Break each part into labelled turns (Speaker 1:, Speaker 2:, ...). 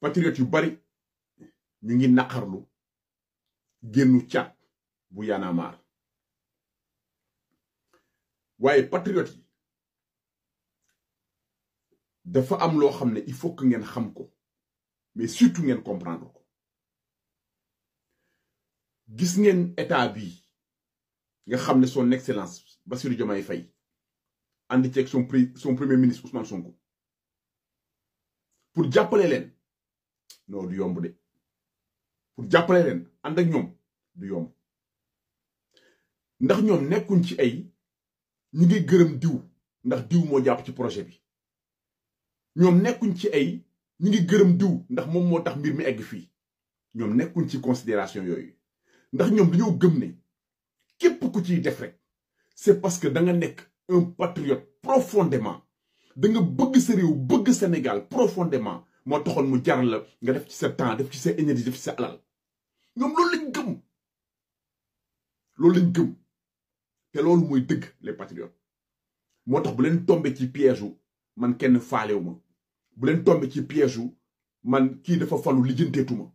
Speaker 1: patriote yu bari ñu ngi naqarlu génnu cat bu yanamaar waaye patriote yi dafa am loo xam ne il faut que ngeen xam ko mais surtout ngeen comprendre ko gis ngeen état bi nga xam ne son excellence Bassirou Diomaye fay ànd ceeg son son premier ministre Ousmane Sonko pour jàppale leen non du yomb de pour jàppale leen ànd ak ñoom du yomb ndax ñoom nekkuñ ci ay ñu ngi gërëm diw ndax diw moo jàpp ci projet bi ñoom nekkuñ ci ay ñu ngi gërëm diw ndax moom moo tax mbir mi egg fii ñoom nekkuñ ci considération yooyu ndax ñoom dañoo gëm ne képp ku ci def rek c'est parce que da nga nekk un patriote profondément da nga bëgg sa réew bëgg Sénégal profondement moo taxoon mu jaral nga def ci sa temps def ci sa énergie def ci sa alal ñoom loolu lañ gëm loolu lañ gëm te mooy dëgg les patriotes moo tax bu leen tombe ci piège man kenn faalewu ma bu leen tombe ci piège wu man kii dafa falu lijjanteetuma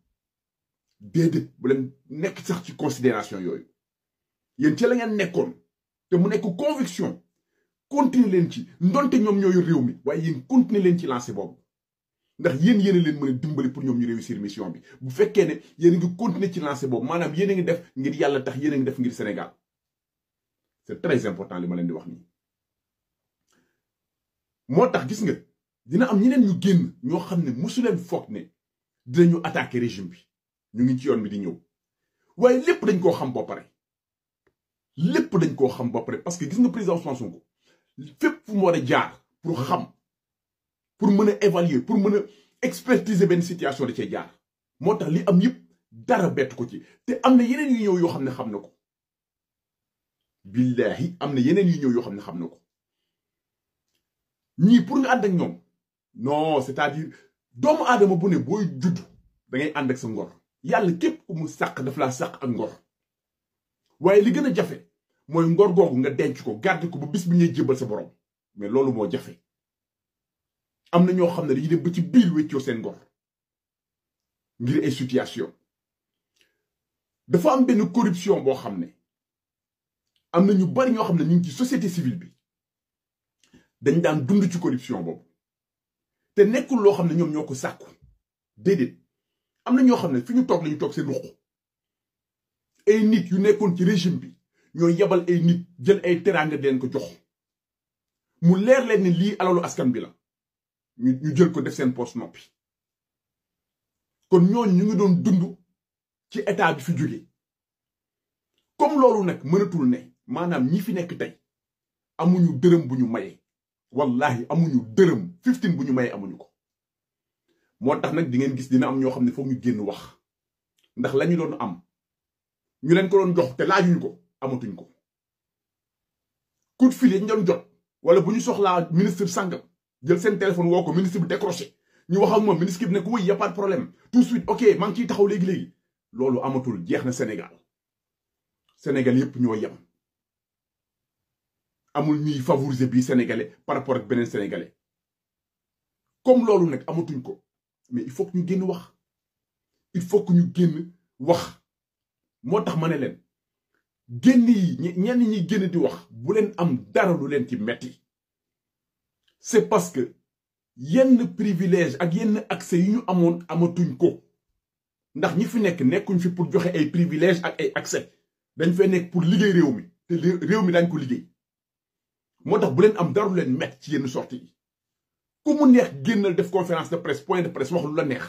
Speaker 1: déedéet bu leen nekk sax ci considération yooyu yéen ci la ngeen nekkoon te mu nekk conviction continuer leen ci ndonte ñoom ñooyu réew mi waaye yéen continuer leen ci lancé boobu ndax yéen yéen a leen mën dimbali pour ñoom ñu réussir mission bi bu fekkee ne yéen a ngi continuer ci lancé boobu maanaam yéen a ngi def ngir yàlla tax yéen ngi def ngir Sénégal c'est très important li ma leen di wax nii. moo tax gis nga dina am ñeneen ñu génn ñoo xam ne mosu leen ne ne ñu attaquer régime bi ñu ngi ci yoon bi di ñëw waaye lépp dañ koo xam ba pare lépp dañ koo xam ba pare parce que gis nga président Ousmane Sonko fépp fu mu war a jaar pour xam. pour mën a évaluer pour mën a expertiser benn situation da cee jaar moo tax li am yëpp dara bett ko ci te am na yeneen yu ñëw yoo xam ne xam na ko billahi am na yeneen yu ñëw yoo xam ne xam na ko ñii pour nga ànd ak ñoom non c'est-à-dire doomu aadama bu ne booy judd da ngay ànd ak sa ngor yàlla képp ku sàq daf laa sàq ak ngor waaye li gën a jafe mooy ngor googu nga denc ko garde ko ba bis bi ñuy jébbal sa borom mais loolu moo jafe am na ñoo xam ne dañuy dem ba ci biir wéccoo seen ngor ngir ay situation dafa am benn corruption boo xam ne am na ñu bari ñoo xam ne ñu ngi ci société bi dañ daan dund ci corruption boobu te nekkul loo xam ne ñoom ñoo ko sàkku déedéet am na ñoo xam ne fi ñu toog lañu toog seen ruq ay nit yu nekkoon ci régime bi ñoo yebal ay nit jël ay teraanga di leen ko jox mu leer leen ne lii alalu askan bi la ñu jël ko def seen poche noppi kon ñooñu ñu ngi doon dund ci état bi fi jógee comme loolu nag mënatul ne maanaam ñi fi nekk tey amuñu dërëm bu ñu maye wallahi amuñu dërëm fifteen bu ñu maye amuñu ko moo tax nag di ngeen gis dina am ñoo xam ne foog ñu génn wax ndax lañu doon am ñu leen ko doon jox te laajuñu ko amatuñ ko coup de fil yi jot wala bu ñu soxlaa ministre sàngam jël seen téléphone woo ko ministre bi décroché ñu wax ak moom ministre bi ne ko wuy y' a pas de ok maa ngi ciy taxaw léegi léegi loolu amatul jeex na Sénégal Sénégal yëpp ñoo yem. amul ñuy favoriser bii sénégalais par rapport ak beneen sénégalais comme loolu nag amatuñ ko mais il faut que ñu génn wax il faut que ñu génn wax moo tax ma ne leen génn yi ñenn ñi génn di wax bu leen am dara lu leen ci metti c'est parce que yenn privilège ak yenn accès yi ñu amoon amatuñ ko ndax ñi fi nekk nekkuñ fi pour joxe ay privilège ak ay accès dañ fee nekk pour liggéey réew mi te réew mi dañ ko liggéey moo tax bu leen am daru leen met ci yenn sorti yi ku mu neex génnal def conférence de presse point de presse wax la neex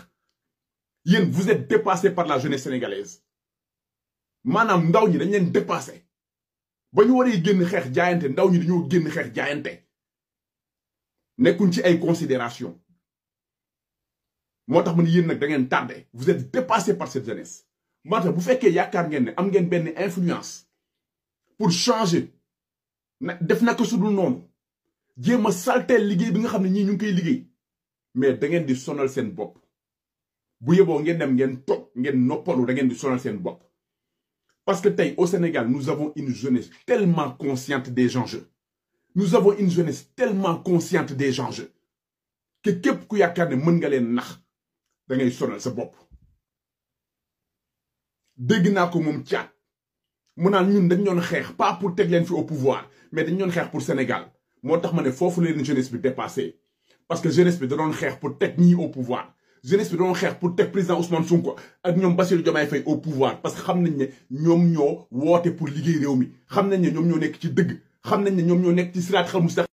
Speaker 1: yéen vous êtes dépassé par la jeunesse sénégalaise maanaam ndaw ñi dañ leen dépassé ba ñu waree génn xeex jaayante ndaw ñi dañoo génn xeex jaayante nekkuñ ci ay considération moo tax ma ne yéen nag da ngeen tardé vous êtes dépassé par cette jeunesse moo bu fekkee yaakaar ngeen ne am ngeen benn influence pour changer na def naka su dul noonu jéem a salteel liggéey bi nga xam ne ñii ñu ngi koy liggéey mais da ngeen di sonal seen bopp bu yeboo ngeen dem ngeen toog ngeen noppalu da ngeen di sonal seen bopp parce que tey au Sénégal nous avons une jeunesse tellement consciente des enjeux nous avons une jeunesse tellement consciente des enjeux que képp ku yaakaar ne mën nga leen nax da ngay sonal sa bopp. dégg naa ko moom caat mu naa ñun dañ ñoon xeex pas pour teg leen fi au pouvoir mais dañ ñoon xeex pour Sénégal moo tax ma ne foofu leen jeunesse bi dépassé parce que jeunesse bi da doon xeex pour teg ñii au pouvoir. jeunesse bi doon xeex pour teg président Ousmane Sonko ak ñoom Bassirou Diomaye Faye au pouvoir parce que xam nañ ne ñoom ñoo woote pour liggéey réew mi xam nañ ne ñoom ñoo nekk ci dëgg. xam nañ ne ñoom ñoo nekk ci siraat xal